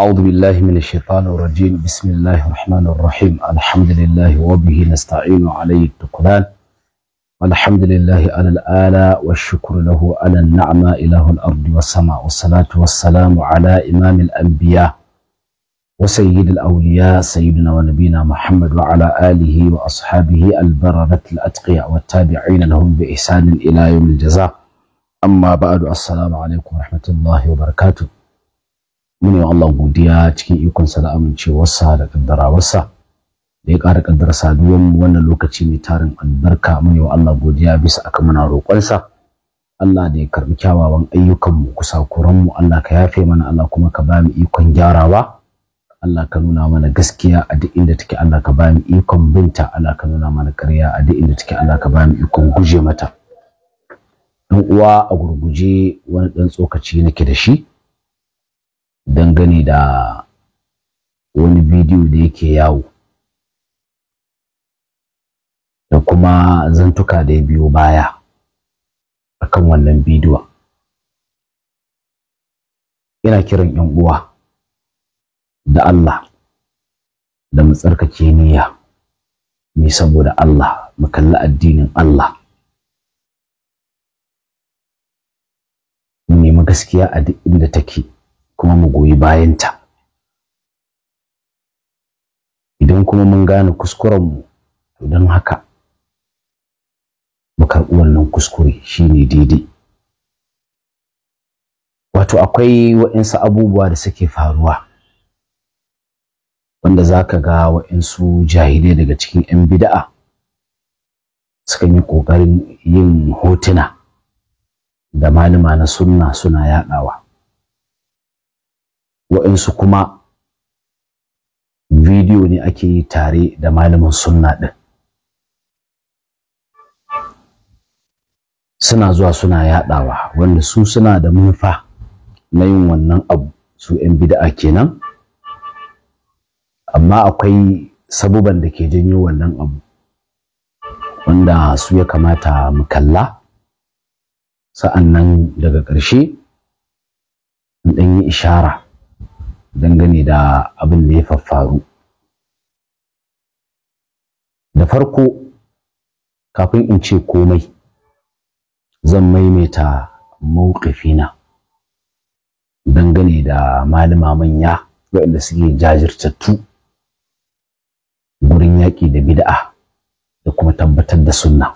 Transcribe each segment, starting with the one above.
أعوذ بالله من الشيطان الرجيم بسم الله الرحمن الرحيم الحمد لله وبه نستعين عليه التقلان والحمد لله على الآلاء والشكر له على النعمة إله الأرض والسماء والصلاة والسلام على إمام الأنبياء وسيد الأولياء سيدنا ونبينا محمد وعلى آله وأصحابه البررة الأتقياء والتابعين لهم بإحسان إلى يوم الجزاء أما بعد السلام عليكم ورحمة الله وبركاته muna wa Allah godiya cikin ikonsa da amincewarsa da kaddarawarsa da ya ƙara kaddara saduwan wannan lokaci mai tarin albarka muna wa Allah godiya bisa akan muna roƙonsa Allah da ya karbi kyawawan ayyukanmu mu Allah ka yafe mana Allah kuma ka ba ikon gyarawa Allah ka nuna mana gaskiya a duk inda take Allah ka ba ikon binta Allah ka nuna mana ƙarya a duk inda take Allah ka ba ikon guje mata dan uwa a gurguje wani dan tsokaci nake da shi dangane da wani bidiyo da yake yawo da kuma zantuka da ya biyo baya akan wannan bidiyon ina kiran yan uwa da Allah da mu tsarkake niyya mu saboda Allah mu kalli addinin Allah mu nemi gaskiya a duk inda take kuma mu goyi bayanta idan kuma mun gane kuskurenmu to don haka mu karɓi wannan kuskure shine daidai wato akwai waɗansu abubuwa da suke faruwa wanda za ka ga waɗansu jahilai daga cikin 'yan bida'a sukan yi ƙoƙarin yin hotuna da malama na sunna suna yaɗawa waɗansu kuma bidiyo ne ake yi tare da malamin sunna ɗin suna zuwa suna yaɗawa wanda su suna da manufa na yin wannan abu su 'yan bida'a kenan amma akwai sabuban da ke janyo wannan abu wanda su ya kamata mu kalla nan daga ƙarshe in ɗan yi ishara dangane da abin da ya faffaru da farko kafin in ce komai zan maimaita na. dangane da malama manya waɗanda suke jajirtattu gurin yaƙi da bid'a da kuma tabbatar da sunna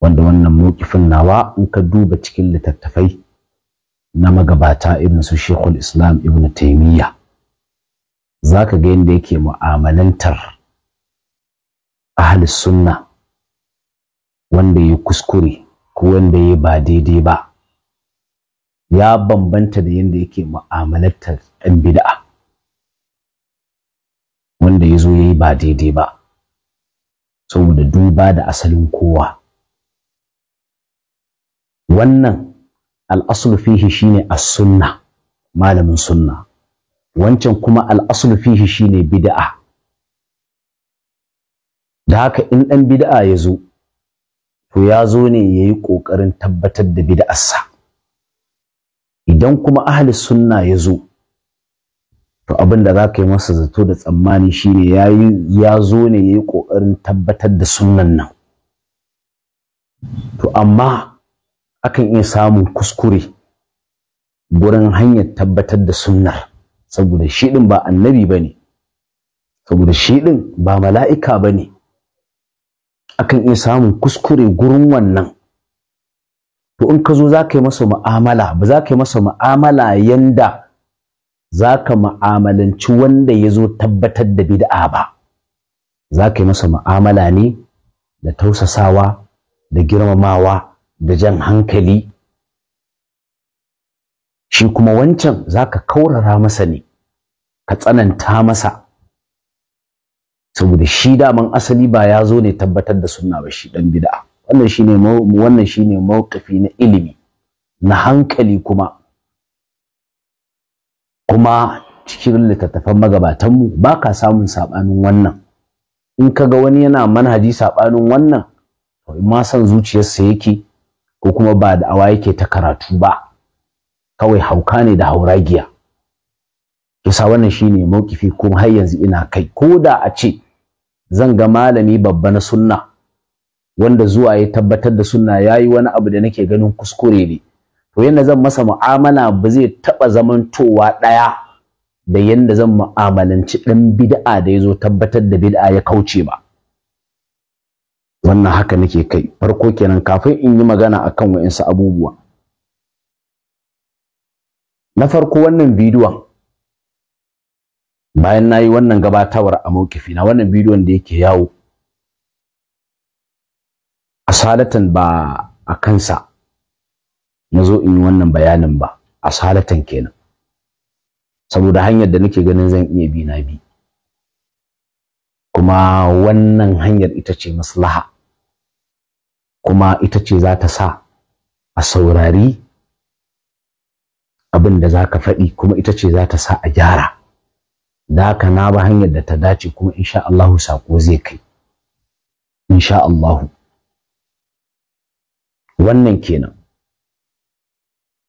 wanda wannan mawqifin nawa in ka duba cikin littattafai na magabata irin su shekul islam ibn taimiyya za ka ga yadda yake mu'amalantar ahli sunna wanda ya kuskure ko wanda ya ba daidai ba ya bambanta da yadda yake mu'amalantar 'yan bida'a wanda ya zo ya yi ba daidai ba saboda duba da asalin kowa wannan al'aslu fihi shine as-sunna malamin sunna wancan kuma al'aslu fihi shine bid'a da haka in dan bid'a ya zo to ya zo ne yayi kokarin tabbatar da sa idan kuma ahli sunna ya zo to abin da za yi masa zato da tsammani shine ya zo ne ya yi ƙoƙarin tabbatar da sunnan nan to amma akan iya samun kuskure gurin hanyar tabbatar da sunnar saboda shi din ba annabi bane saboda shi din ba mala'ika bane akan iya samun kuskure gurin wannan to in ka zo za ka yi masa mu'amala ba za ka yi masa mu'amala yanda za ka mu'amalanci wanda ya zo tabbatar da bid'a ba za ka yi masa mu'amala ne da tausasawa da girmamawa da jan hankali shi kuma wancan zaka kaurara masa ne ka tsananta masa saboda shi daman asali ba ya zo ne tabbatar da sunna ba shi dan bid'a wannan shine wannan shine mawqifi na ilimi na hankali kuma kuma cikin littattafan magabatanmu ba ka samun saɓanin wannan in ka ga wani yana manhaji saɓanin wannan to in ma san zuciyarsa yake ko kuma ba da awa yake ta karatu ba kawai hauka ne da hauragiya kisa wannan shine mawkifi kuma har yanzu ina kai ko da a ce zan ga malami babba na sunna wanda zuwa ya tabbatar da sunna ya yi wani abu da nake ganin kuskure ne to yanda zan masa mu'amala ba zai taɓa zamantowa ɗaya, da yadda zan mu'amalanci dan bid'a da ya zo tabbatar da bid'a ya kauce ba wannan haka nake kai farko kenan kafin in yi magana akan wa'insu abubuwa na farko wannan bidiyon bayan na yi wannan gabatawar a mawkifi na wannan bidiyon da yake yawo asalatan ba a kansa na zo in yi wannan bayanin ba a asalatan kenan saboda hanyar da nake ganin zan iya bi na bi kuma wannan hanyar ita ce maslaha kuma ita ce za ta sa a saurari abin da za ka faɗi kuma ita ce za ta sa a gyara da haka na ba hanyar da ta dace kuma insha Allahu sako zai kai insha Allahu wannan kenan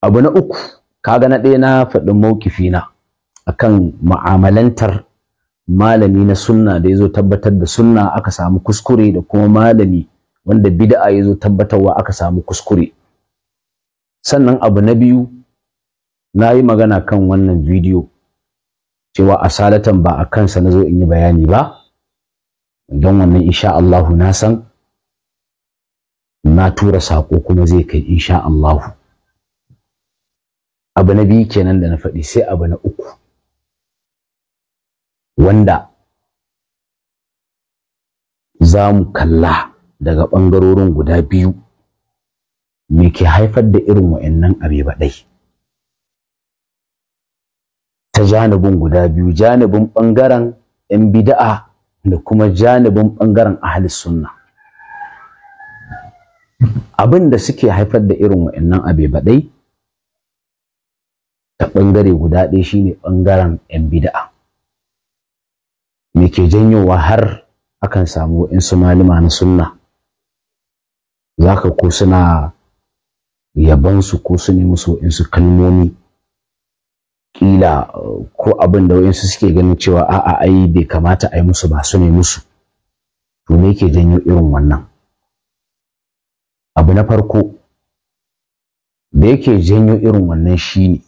abu na uku kaga na ɗaya na faɗi mawkifi na akan ma'amalantar malami na sunna da ya zo tabbatar da sunna aka samu kuskure da kuma malami wanda bid'a yazo tabbatarwa aka samu kuskure sannan abu na biyu nayi magana kan wannan bidiyo cewa asalatan ba a kansa na zo in yi bayani ba don wannan insha Allah na san na tura sako kuma zai kai insha Allahu abu na biyu kenan da na faɗi sai abu na uku wanda za mu kalla daga ɓangarorin guda biyu me ke haifar da irin wa'annan abe baɗai ta janibin guda biyu janibin ɓangaren 'yan bida'a da kuma janibin ɓangaren ahli sunna abin da suke haifar da irin wa'annan abe baɗai ta ɓangare guda ɗaya shine ɓangaren 'yan bida'a me ke janyowa har akan samu wa'insu malima na sunna za ka ko suna yabansu ko su ne musu su kalmomi kila ko abin da wayansu suke ganin cewa a'a ai bai kamata ai musu ba su ne musu to me yake janyo irin wannan abu na farko da yake janyo irin wannan shine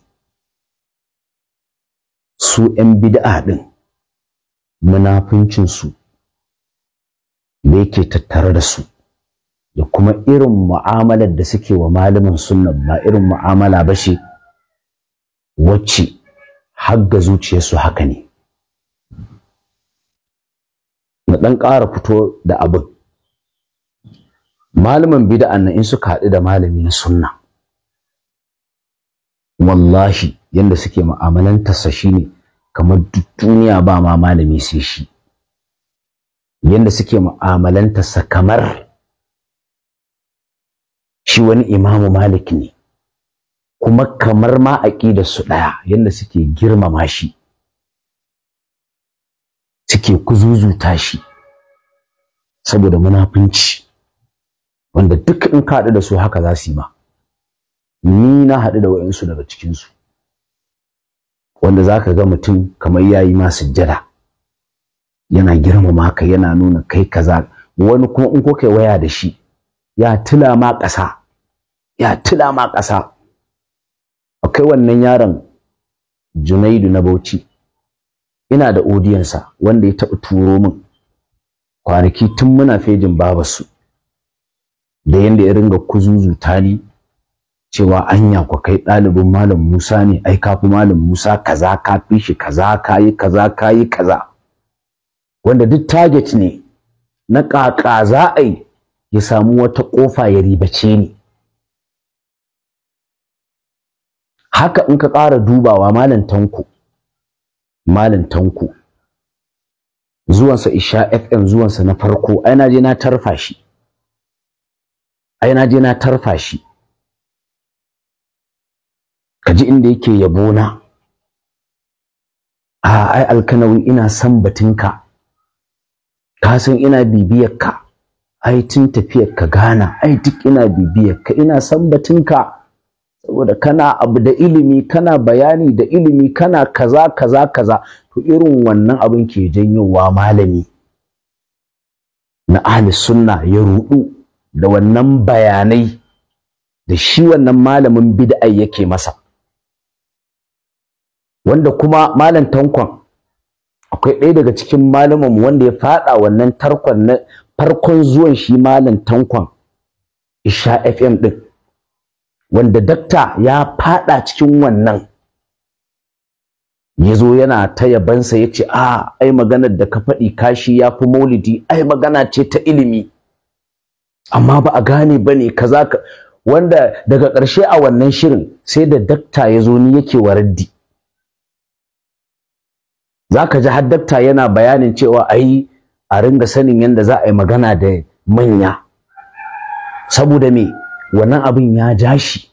su 'yan bid'a din munafincinsu da yake tattare da su da kuma irin mu'amalar da suke wa malamin sunna ba irin mu'amala ba shi wacce hagga zuciyarsu haka ne na ɗan ƙara fito da abin malaman bida'an nan in su haɗu da malami na sunna wallahi yanda suke mu'amalantarsa ne kamar duk duniya ba ma malami sai shi yanda suke mu'amalantarsa kamar shi wani imamu malik ne kuma kamar ma aƙidar su ɗaya yadda suke girmama shi suke kuzuzuta shi saboda munafunci wanda duk in ka haɗu da su haka za su yi ma ni na haɗu da wa'insu daga cikinsu wanda za ka ga mutum kamar ya yi ma sujjada yana girmama ka yana nuna kai kaza wani kuma in ko kai waya da shi ya tila ma ƙasa ya tila ma ƙasa akwai wannan yaron Junaidu na Bauchi ina da odiyansa wanda ya taɓa turo min kwanaki tun muna fejin babarsu da yanda ya ringa kuzuzuta ni cewa anya ku kai ɗalibin malam Musa ne ai ka fi malam Musa kaza ka fi shi kaza ka yi kaza ka yi kaza wanda duk target ne na kaka za a yi ya samu wata ƙofa ya ribace ni haka in ka ƙara dubawa malam tanko malam tanko zuwansa isha fm zuwansa na farko ai na je na tarfa shi ai na na tarfa shi kaji inda yake yabona a ai alkanawi ina san batunka. ka san ina bibiyar ka ai tun tafiyar ka gana ai duk ina bibiyar ka ina san batunka saboda kana abu da ilimi kana bayani da ilimi kana kaza kaza kaza to irin wannan abin ke janyowa malami na ahli sunna ya rudu da wannan bayanai da shi wannan malamin bid'a yake masa wanda kuma malam tankon akwai ɗaya daga cikin malamin wanda ya faɗa wannan tarkon na farkon zuwan shi malam tankon isha fm din wanda dakta ya fada cikin wannan yazo zo yana ta yabansa ya ce a ah, ai maganar da ka faɗi kashi ya fi maulidi ai magana ce ta ilimi amma ba a gane ba ne kaza wanda daga ƙarshe a wannan shirin sai da dakta ya zo ni yake waraddi zaka za ka ji har dakta yana bayanin cewa ai a ringa sanin yadda za a yi magana da manya saboda me wannan abin ya ja shi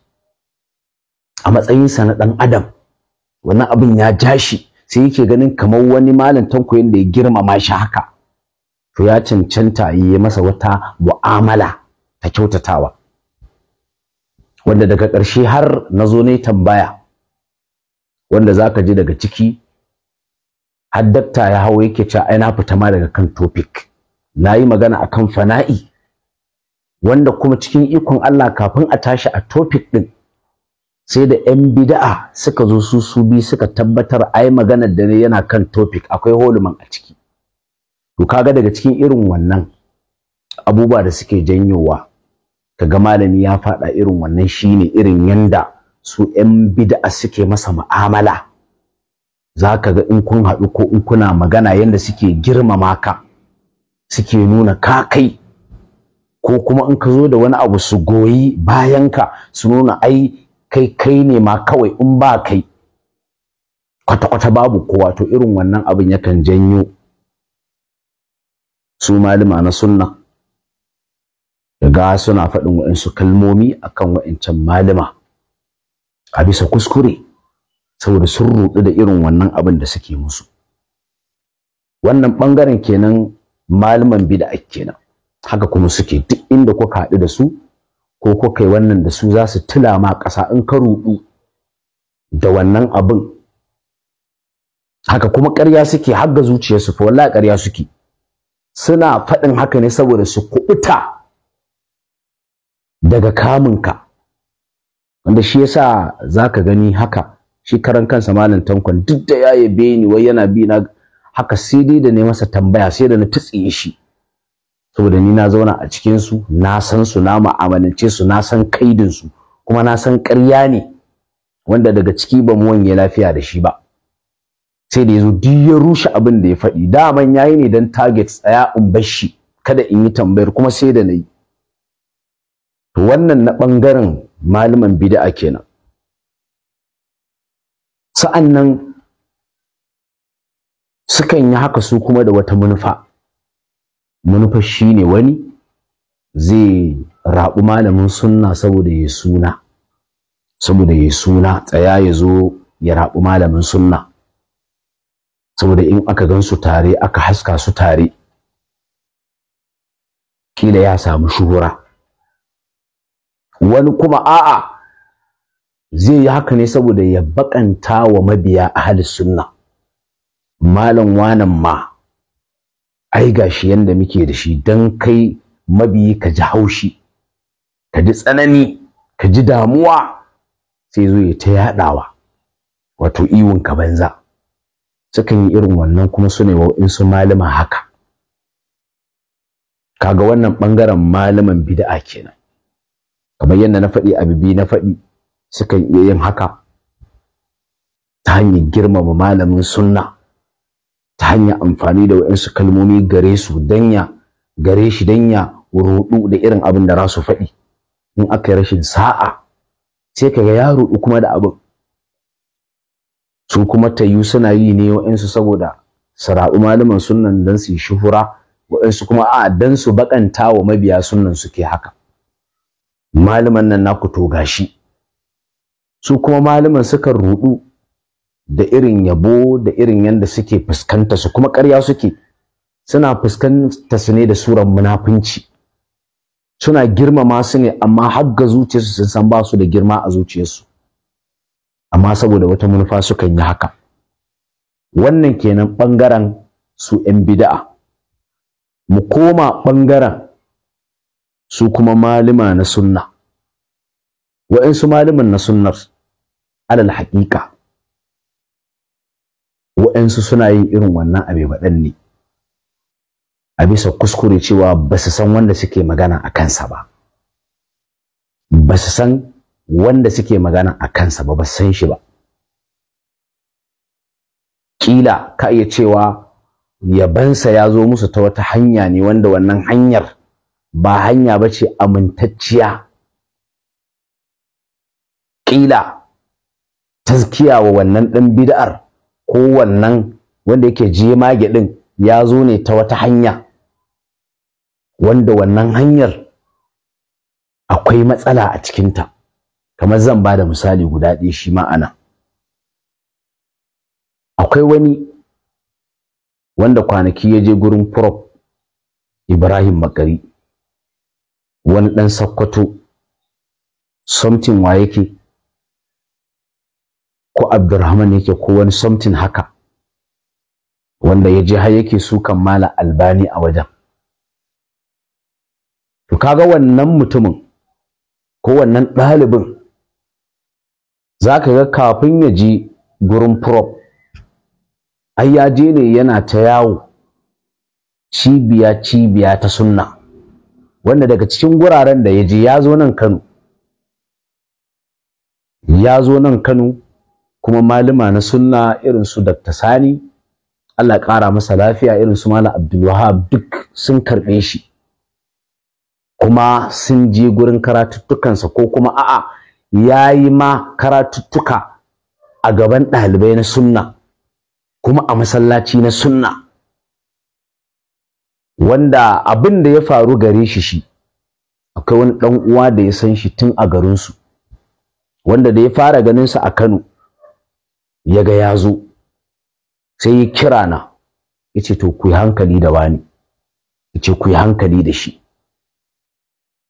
a matsayinsa na ɗan adam wannan abin ya jashi, sai yake ganin kamar wani malam tanko da ya girmama shi haka to ya cancanta yi masa wata mu'amala ta kyautatawa wanda daga ƙarshe har na zo ne tambaya wanda za ka ji daga ciki dakta ya hawo yake cewa ai na fita ma daga kan topic nayi magana akan fana'i wanda kuma cikin ikon Allah kafin a tashi a topic din sai da yan bid'a suka zo su su bi suka tabbatar ai maganar da ne yana kan topic akwai holuman a ciki to kaga daga cikin irin wannan abubuwa da suke janyowa kaga malami ya faɗa irin wannan shine irin yanda su yan bid'a suke masa mu'amala za ka ga in kun haɗu ko in kuna magana yadda suke girmama ka suke nuna ka kai ko kuma in ka zo da wani abu su goyi bayanka su nuna ai kai kai ne ma kawai in ba kai kwata-kwata babu kowa to irin wannan abin yakan janyo su malama na sunna daga suna faɗin waɗansu kalmomi akan waɗancan malama a bisa kuskure saboda sun rudu da irin wannan abin da suke musu wannan bangaren kenan malaman bid'a kenan haka kuma suke duk inda kuka haɗu da su ko kuka yi wannan da su za su tula ma ƙasa in ka rudu da wannan abin haka kuma ƙarya suke har ga zuciyarsu fa wallahi ƙarya suke suna faɗin haka ne saboda su kuɓuta daga kamunka wanda shi yasa zaka gani haka shi karan kansa malam tankon duk da ya yi ni wai yana bi na haka sai dai da ne masa tambaya sai da na tutsiye shi saboda ni na zauna a cikin su na san su na mu'amalance su na san kaidin su kuma na san ƙarya ne wanda daga ciki ba mu wanye lafiya da shi ba sai da yazo duk ya rushe abin da ya faɗi daman yayi ne dan target tsaya in bar shi kada in yi tambayar kuma sai da nayi to wannan na ɓangaren malaman bid'a kenan sa'annan sukan yi haka su kuma da wata manufa manufa shine wani zai raɓu malamin sunna saboda ya suna saboda ya suna tsaya ya zo ya raɓu malamin sunna saboda in aka gan su tare aka haska su tare kila ya samu shuhura wani kuma a'a zai yi haka ne saboda ya bakanta wa mabiya ahli sunna malam wanan ma ai gashi yanda muke da shi dan kai mabiyi ka ji haushi ka ji tsanani ka ji damuwa sai zo ya ta yadawa wato iwon ka banza sukan yi irin wannan kuma su ne in su malama haka kaga wannan bangaren malaman bid'a kenan kamar yadda na faɗi abibi na faɗi sukan iya yin haka ta hanyar girmama malamin sunna ta hanyar amfani da waɗansu kalmomi gare su danya gare shi danya rudu da irin abin da rasu faɗi in aka yi rashin sa'a sai kaga ya rudu kuma da abin su kuma tayu suna yi ne waɗansu saboda sara'u malaman sunnan don su yi shuhura waɗansu kuma a dan su baƙanta wa mabiya sunnan suke haka malaman nan naku to gashi su kuma malaman suka rudu da irin yabo da irin yanda suke fuskanta su kuma ƙarya suke suna fuskanta su ne da suran munafunci suna girmama su ne amma har ga zuciyarsu sun san ba su da girma a zuciyarsu amma saboda wata manufa sukan yi haka wannan kenan ɓangaren su 'yan bida'a mu koma ɓangaren su kuma malima na sunna wa'insu maliman na sunnarsu alal haƙiƙa waɗansu suna yin irin wannan abe baɗan ne a bisa kuskure cewa ba su san wanda suke magana a kansa ba ba su san wanda suke magana a kansa ba ba su san shi ba ƙila ka iya cewa yabansa ya zo musu ta wata hanya ne wanda wannan hanyar ba hanya ba ce amintacciya ƙila tazkiya wa wannan ɗan bid'ar ko wannan wanda yake je mage ɗin ya zo ne ta wata hanya wanda wannan hanyar akwai matsala a cikinta kamar zan ba da misali guda ɗaya shi ma'ana akwai wani wanda kwanaki ya je gurin prof ibrahim makari wani ɗan sakkwato something wa yake ko abdurrahman yake ko wani something haka wanda ya je har yake sukan mala albani a wajen to kaga wannan mutumin ko wannan ɗalibin zaka ga kafin ya ji gurin prop ai ya je ne yana ta yawo cibiya cibiya ta sunna wanda daga cikin guraren da ya je ya zo nan kano ya zo nan kano kuma malama na sunna irin su Dr. Sani Allah ƙara masa lafiya irin su Malam Abdul Wahab duk sun karɓe shi kuma sun je gurin karatuttukansa ko kuma a'a yayi ma karatuttuka a gaban ɗalibai na sunna kuma a masallaci na sunna wanda abin da ya faru gare shi shi akwai wani ɗan uwa da ya san shi tun a garinsu wanda da ya fara ganin sa a Kano ya ga ya zo sai ya kira na ya ce to ku yi hankali da wani ya ce ku yi hankali da shi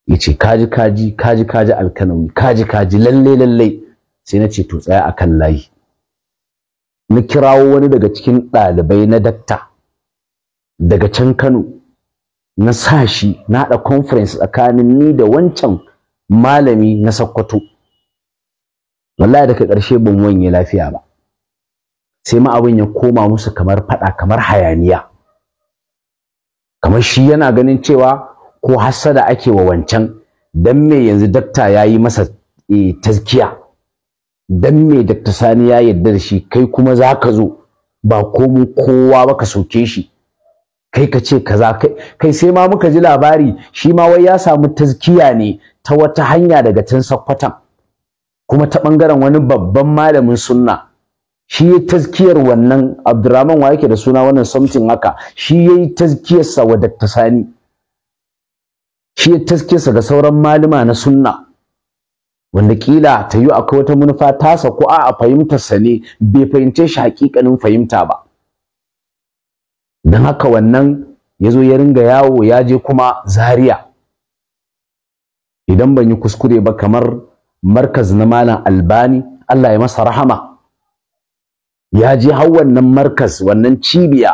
ya kaji kaji kaji kaji alkanawi kaji kaji lalle lalle sai na ce to tsaya akan layi na kirawo wani daga cikin ɗalibai na dakta daga can kano na sa shi na haɗa conference tsakanin ni da wancan malami na sakkwato wallahi daga ƙarshe ban wanye lafiya ba sai ma abin ya koma musu kamar faɗa kamar hayaniya kamar shi yana ganin cewa ko hassada ake wa wancan dan me yanzu dakta ya yi masa eh, tazkiya dan me dakta sani ya yarda da shi kai kuma za ka zo ba komu kowa ba ka soke shi kai ka ce kaza kai sai ma muka ji labari shi ma wai ya samu tazkiya ne ta wata hanya daga can sakkwatan kuma ta ɓangaren wani babban malamin sunna shi ya tazkiyar wannan abdurrahman wa yake da suna wannan something haka shi ya yi tazkiyarsa wa dakta sani shi ya tazkiyarsa ga sauran malama na sunna wanda kila ta yi akwai wata manufa tasa ko a fahimtarsa ne bai fahimce shi hakikanin fahimta ba don haka wannan ya zo ya ringa yawo ya je kuma zaria idan ban yi kuskure ba kamar markaz na malam albani allah ya masa rahama ya je har wannan markas wannan cibiya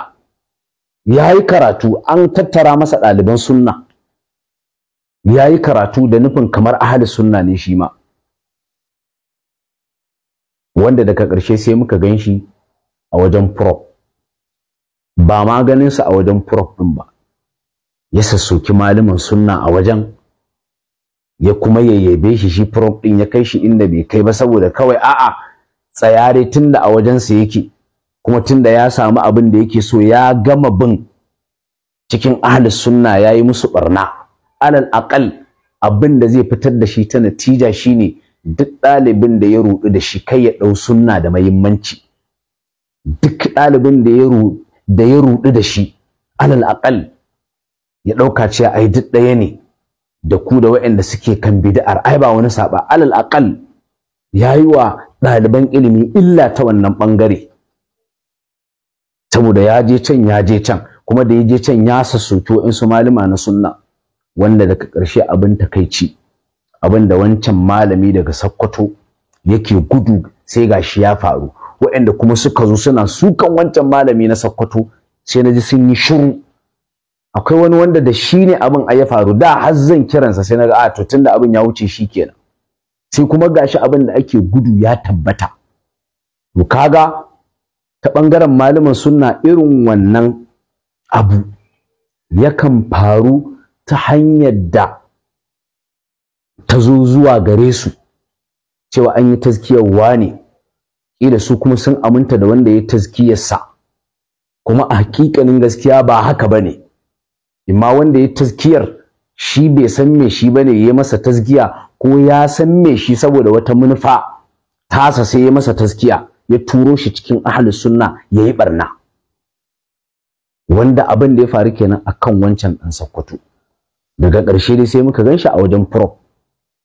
ya yi karatu an tattara masa ɗaliban sunna ya yi karatu da nufin kamar ahalin sunna ne shi ma wanda daga ƙarshe sai muka gan shi a wajen prop ba ma ganinsa a wajen prop ɗin ba ya sassoki malamin sunna a wajen ya kuma yayyabe shi shi prop ɗin ya kai shi inda bai kai ba saboda kawai a'a tsayare tunda a wajensa yake kuma tunda ya samu abin da yake so ya gama bin cikin ahlus sunna yayi musu barna alal aqal abin da zai fitar da shi ta natija shine duk ɗalibin da ya rudu da shi kai ya ɗau sunna da muhimmanci duk ɗalibin da ya rudu da ya rudu da shi alal aqal ya ɗauka cewa ai duk ɗaya ne da ku da waɗanda suke kan bid'ar ai ba wani saba alal aqal yayi wa ɗaliban ilimi illa ta wannan ɓangare saboda ya je can ya je can kuma da ya je can ya sassoto in su malama na sunna wanda daga ƙarshe abin takaici abin da wancan malami daga sakkwato yake gudu sai ga shi ya faru waɗanda kuma suka zo suna sukan wancan malami na sakkwato sai na ji sun yi shiru akwai wani wanda da shi ne abin a ya faru da har zan kiransa sai na ga a ah, to tunda abin ya wuce shi kenan sai kuma gashi abin da ake gudu ya tabbata to kaga ta ɓangaren malaman sunna irin wannan abu yakan faru ta hanyar da ta zo zuwa gare su cewa an yi tazkiyar ne, ila su kuma sun aminta da wanda ya yi tazkiyarsa kuma a hakikanin gaskiya ba haka ba ne imma wanda ya tazkiyar shi bai san me shi ba ne ya masa tazkiya ko ya san me shi saboda wata manufa tasa sai ya masa taskiya ya turo shi cikin ahlus sunna yayi barna wanda abin da ya faru kenan akan wancan dan sakkwato daga ƙarshe dai sai muka ganshi a wajen pro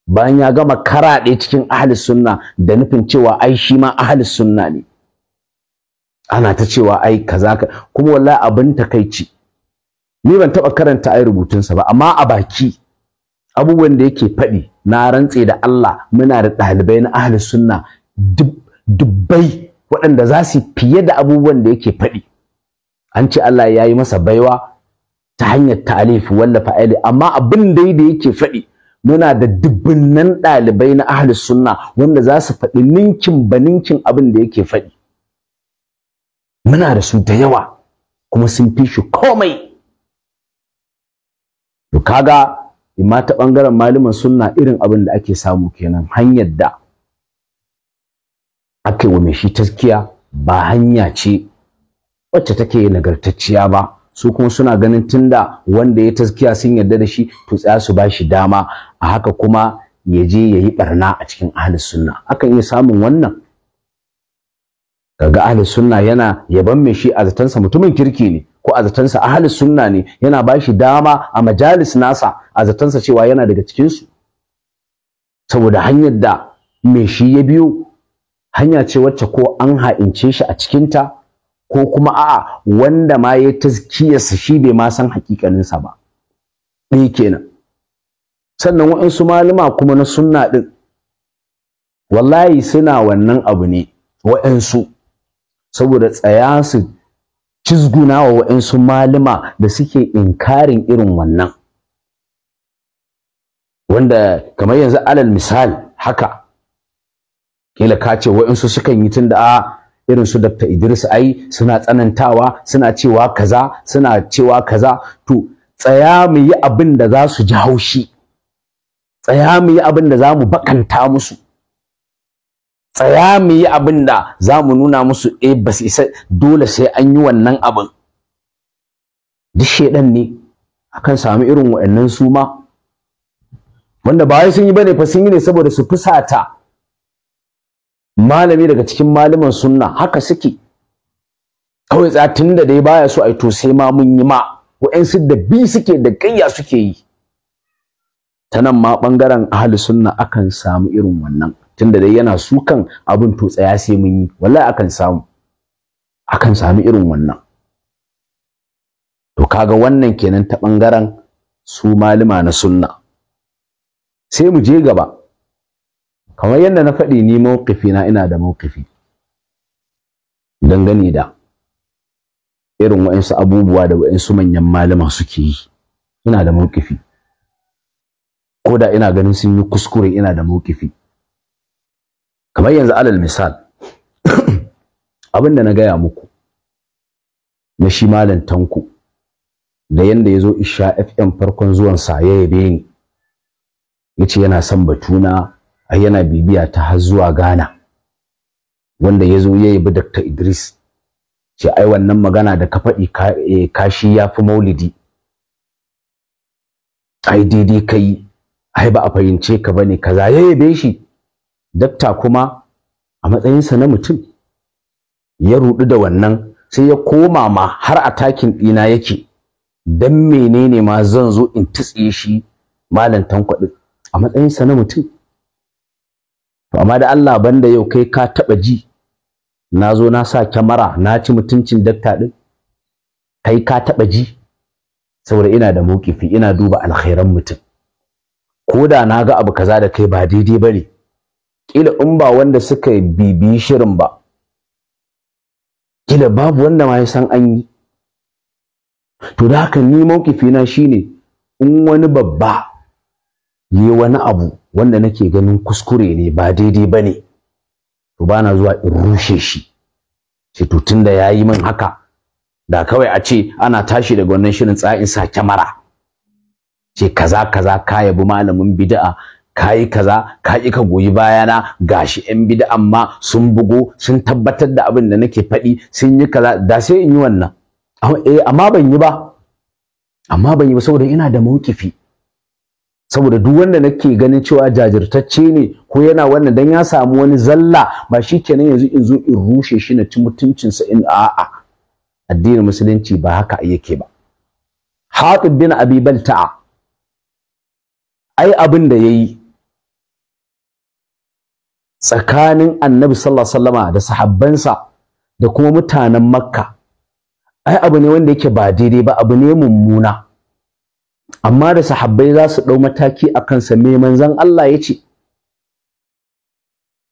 bayan ya gama karaɗe cikin ahlus sunna da nufin cewa ai shi ma ahlus sunna ne ana ta cewa ai kaza ka. kuma wallahi abin takaici ni ban taɓa karanta ai rubutunsa ba amma a baki abubuwan da yake faɗi na rantse da Allah muna da ɗalibai na ahli sunna dubbai waɗanda za su fiye da abubuwan da yake faɗi an ce Allah ya yi masa baiwa ta hanyar ta'alif wallafa ali amma abin da yake faɗi muna da dubbunan ɗalibai na ahli sunna wanda za su faɗi ninkin baninkin abin da yake faɗi muna da su da yawa kuma sun fi shi komai to kaga imma ta ɓangaren malaman sunna irin abin da ake samu kenan hanyar da ake wa mai shi taskiya ba hanya ce wacce take nagartacciya ba su kuma suna ganin tunda wanda ya taskiya sun yarda da shi to tsaya su ba shi dama a haka kuma ya je ya yi barna a cikin ahli sunna akan iya samun wannan kaga ahli sunna yana yaban mai shi a zatansa mutumin kirki ne ko a sa ahalus sunna ne yana ba shi dama a majalis nasa a sa cewa yana daga cikin su saboda hanyar da me shi ya biyo hanya ce wacce ko an ha'ince shi a cikin ta ko kuma a'a wanda ma ya tazkiyarsa shi bai ma san hakikaninsa ba ɗaya kenan sannan waɗansu malama kuma na sunna ɗin wallahi suna wannan abu ne waɗansu saboda tsaya su cizguna wa waɗansu malama da suke inkarin irin wannan wanda kamar yanzu alal misal haka kila ka ce waɗansu sukan yi tunda a ah, irin su Dr. Idris ai suna tsanantawa suna cewa kaza suna cewa kaza to tsaya mu yi abin da za su ji haushi tsaya mu yi abin da za mu bakanta musu tsaya mu yi abin da za mu nuna musu eh ba su isa dole sai an yi wannan abin duk shedan ne akan samu irin waɗannan su ma wanda ba sun yi bane fa sun yi ne saboda su fusata malami daga cikin malaman sunna haka suke kawai tun da dai baya so ai to sai ma mun yi ma wa'ansu da bi suke da kayya suke yi ta nan ma ɓangaren ahli sunna akan samu irin wannan tunda dai yana su kan abin to tsaya sai mun yi wallahi akan samu akan samu irin wannan to kaga wannan kenan ta bangaren su malima na sunna sai mu je gaba kamar yadda na faɗi ni mawqifi na ina da mawqifi dangane da irin waɗansu abubuwa da waɗansu manyan malama suke yi ina da mawqifi ko da ina ganin sun yi kuskure ina da mawqifi kamar yanzu alal misal abin da na gaya muku na shi malam tanku da yanda ya zo isha fm farkon zuwan sa ya yabe ni ya ce yana son batuna a yana bibiya ta har zuwa ghana wanda ya zo ya yabi dr idris ce ai wannan magana da ka faɗi kashi eh, ya fi maulidi ai daidai kai ai ba a fahimce ka bane kaza ya yabe shi dakta kuma a matsayinsa na mutum ya rudu da wannan sai ya koma ma har a takin ɗina yake dan menene ma zan zo in tsiye shi malam tankwaɗin a matsayinsa na mutum to amma da Allah banda yau kai ka taɓa ji na zo na sa kyamara na ci mutuncin dakta ɗin kai ka taɓa ji saboda ina da mokifi ina duba alkhairan mutum ko da na ga abu kaza da kai ba daidai ba ne kila in ba wanda suka bibiyi shirin ba kila babu wanda ma ya san an yi to da haka ni mawkifi na shine in wani babba yi wani abu wanda nake ganin kuskure ne ba daidai ba ne to ba na zuwa in rushe shi sai to tunda ya yi min haka da kawai a ce ana tashi daga wannan shirin tsa'in sa kyamara ce kaza kaza ka yabi malamin bid'a kayi kaza ka ki ka goyi bayana gashi yan bida amma sun bugu sun tabbatar da abin da nake faɗi sun yi kaza da sai in yi wannan amma eh, ban yi ba amma ban yi ba saboda ina da mawkifi saboda duk wanda nake ganin cewa jajirtacce ne ko yana wannan dan ya samu wani zalla ba shi kenan yanzu in zo in rushe shi na ci mutuncinsa in a'a addinin musulunci ba haka yake ba Hatib bin Abi Balta'a ai abin da yayi tsakanin annabi sallallahu alaihi wasallama da sahabbansa da kuma mutanen makka ai abu ne wanda yake ba daidai ba abu ne mummuna amma da sahabbai za su ɗau mataki a kansa mai manzon Allah ya ce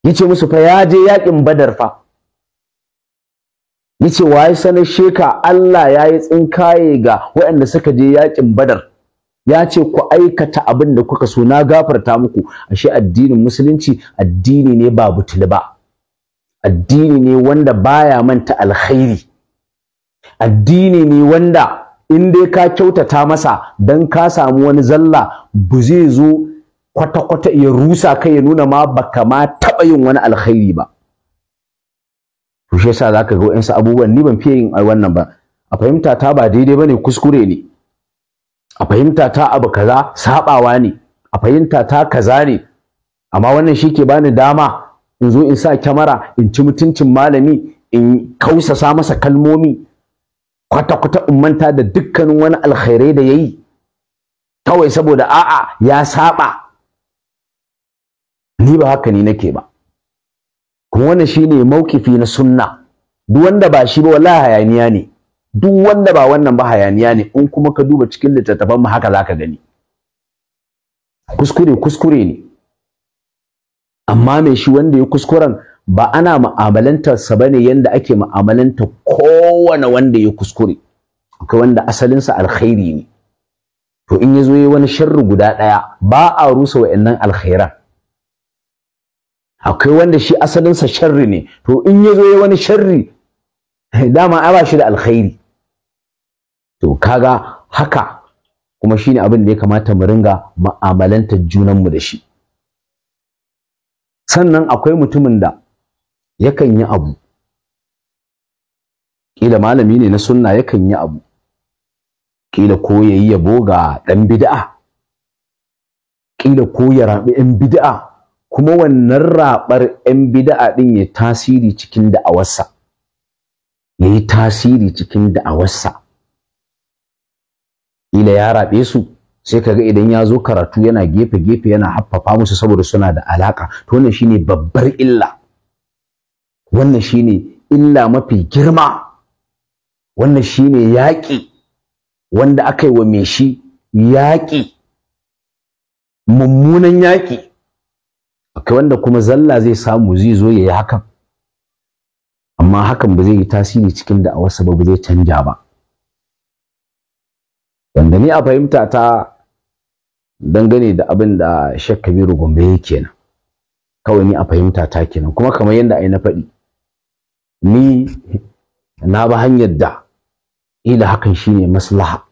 ya ce musu fa ya je yaƙin badar fa ya ce wa ya sanar sheka Allah ya yi tsinkaye ga waɗanda suka je yaƙin badar ya ce ku aikata abin da kuka so na gafarta muku ashe addinin musulunci addini ne ba butuli ba addini ne wanda baya manta alkhairi addini ne wanda in dai ka kyautata masa dan ka samu wani zalla bu zai zo kwata-kwata ya rusa kai ya nuna ma baka ma taɓa yin wani alkhairi ba to shi yasa zaka ga wa'ansu abubuwan ni ban fiye yin wannan ba a fahimta ta ba daidai bane kuskure ne a fahimta ta abu kaza sabawa ne a fahimta ta kaza ne amma wannan shi ke bani dama in zo in sa kyamara in ci mutuncin malami in kausasa masa kalmomi kwata-kwata in manta da dukkanin wani alkhairai da ya yi kawai saboda a'a ya saba ni ba haka ni nake ba kuma wannan shi ne maukifi na sunna duk wanda ba shi ba wallahi hayaniya ne duk wanda ba wannan ba hayaniya ne in kuma ka duba cikin littattafan mu haka zaka gani kuskure kuskure ne amma mai shi wanda ya kuskuren ba ana mu'amalantar sa bane yanda ake mu'amalantar kowane wanda ya kuskure akwai wanda asalinsa alkhairi ne to in yazo yayi wani sharri guda daya ba a rusa wa'annan alkhairan akwai wanda shi asalinsa sharri ne to in yazo yayi wani sharri dama ai ba shi da alkhairi to kaga haka kuma shine abin da ya kamata mu ringa mu'amalantar junanmu da shi sannan akwai mutumin da yakan yi abu kila malami ne na sunna yakan yi abu Ƙila ko yayi yabo ga ɗan bid'a ƙila ko ya rabi yan bid'a kuma wannan rabar yan bid'a din ya tasiri cikin da'awarsa yayi tasiri cikin da'awarsa kila ya rabe su sai kaga idan ya zo karatu yana gefe gefe yana haffafa musu saboda suna da alaka to wannan shine babbar illa wannan shine illa mafi girma wannan shine yaƙi wanda aka yi wa mai shi yaƙi mummunan yaƙi akwai wanda kuma zalla zai samu zai zo ya yi hakan amma hakan ba zai yi tasiri cikin da da'awarsa ba ba zai canja ba wanda ni a fahimta ta dangane da abin da Sheikh Kabiru Gombe yake kenan kawai ni a fahimta ta kenan kuma kamar yadda ai na faɗi ni na ba hanyar da ila hakan shine maslaha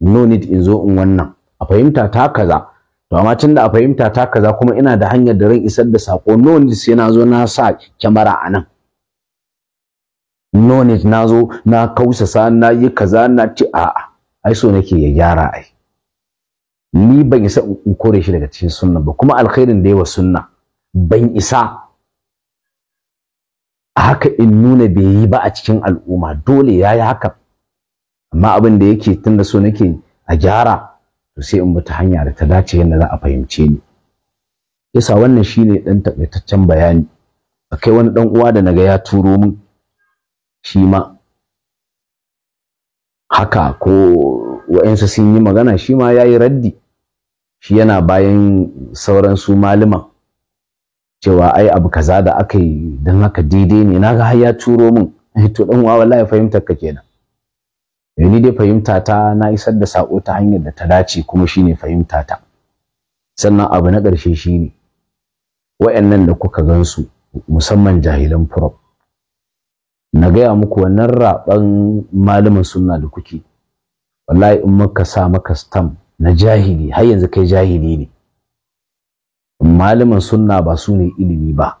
no need in zo in wannan a fahimta ta kaza to amma tun da a fahimta ta kaza kuma ina da hanyar da ran isar da sako no need sai na zo na sa kyamara a nan no need na zo na sa na yi kaza na ci a'a ai so nake ya gyara ai ni ban isa in kore shi daga cikin sunna ba kuma alkhairin da yawa sunna ban isa haka in nuna bai yi ba a cikin al'umma dole ya yi haka amma abin da yake tun da so nake a gyara to sai in bi ta hanya da ta dace yadda za a fahimce ni yasa wannan shine dan taƙaitaccen bayani akai wani dan uwa da naga ya turo mun shi ma haka ko wa'insu sun yi magana shi ma ya yi raddi shi yana bayan sauran su maliman cewa ai abu kaza da aka yi don haka daidai ne naga har ya turo min eh, to dan wa wallahi fahimtar ka kenan eh, ni dai fahimta ta na isar da sako ta hanyar da ta dace kuma shine fahimta ta sannan abu na ƙarshe shine wayannan da kuka gansu musamman jahilan prop na gaya muku wannan raɓan malamin sunna da kuke wallahi in muka sa maka stam na jahili har yanzu kai jahili ne malaman sunna ba su ne ilimi ba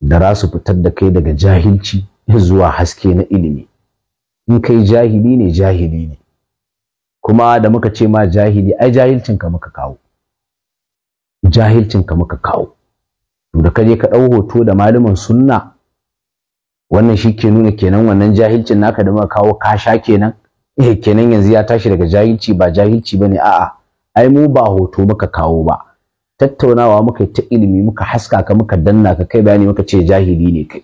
da za su fitar da kai daga jahilci zuwa haske na ilimi in kai jahili ne jahili ne kuma da muka ce ma jahili ai jahilcinka muka kawo jahilcinka muka kawo to da kaje ka ɗau hoto da malaman sunna wannan shi ke nuna kenan wannan jahilcin naka da muka kawo kasha kenan eh kenan yanzu ya tashi daga jahilci ba jahilci ba ne? a'a ai mu ba hoto muka kawo ba tattaunawa muka yi ta ilimi muka haska ka muka danna ka kai bayani muka ce jahili ne kai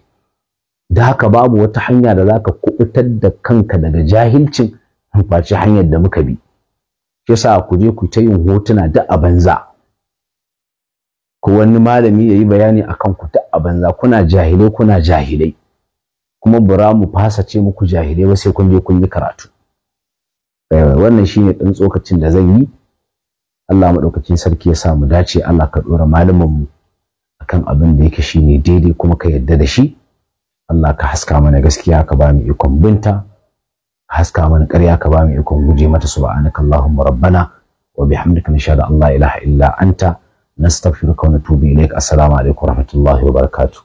da haka babu wata hanya da zaka kubutar da kanka daga jahilcin face hanyar da muka bi shi sa ku je ku ta yin hotuna da a banza ko wani malami yi bayani akan ku ta a banza kuna jahilai kuna jahilai kuma bara mu fasa ce muku jahilai ba sai kun je kun yi karatu eh, wannan shine ɗan tsokacin da zan yi Allah maɗaukacin sarki ya sa mu dace Allah ka ɗora mu akan abin da yake shine daidai kuma ka yadda da shi Allah ka haska mana gaskiya ka ba mu ikon binta haska mana ƙarya ka ba mu ikon guje mata subhanaka allahumma rabbana wa bihamdika nashhadu an la ilaha illa anta nastaghfiruka wa natubu ilayk assalamu alaikum wa rahmatullahi wa barakatuh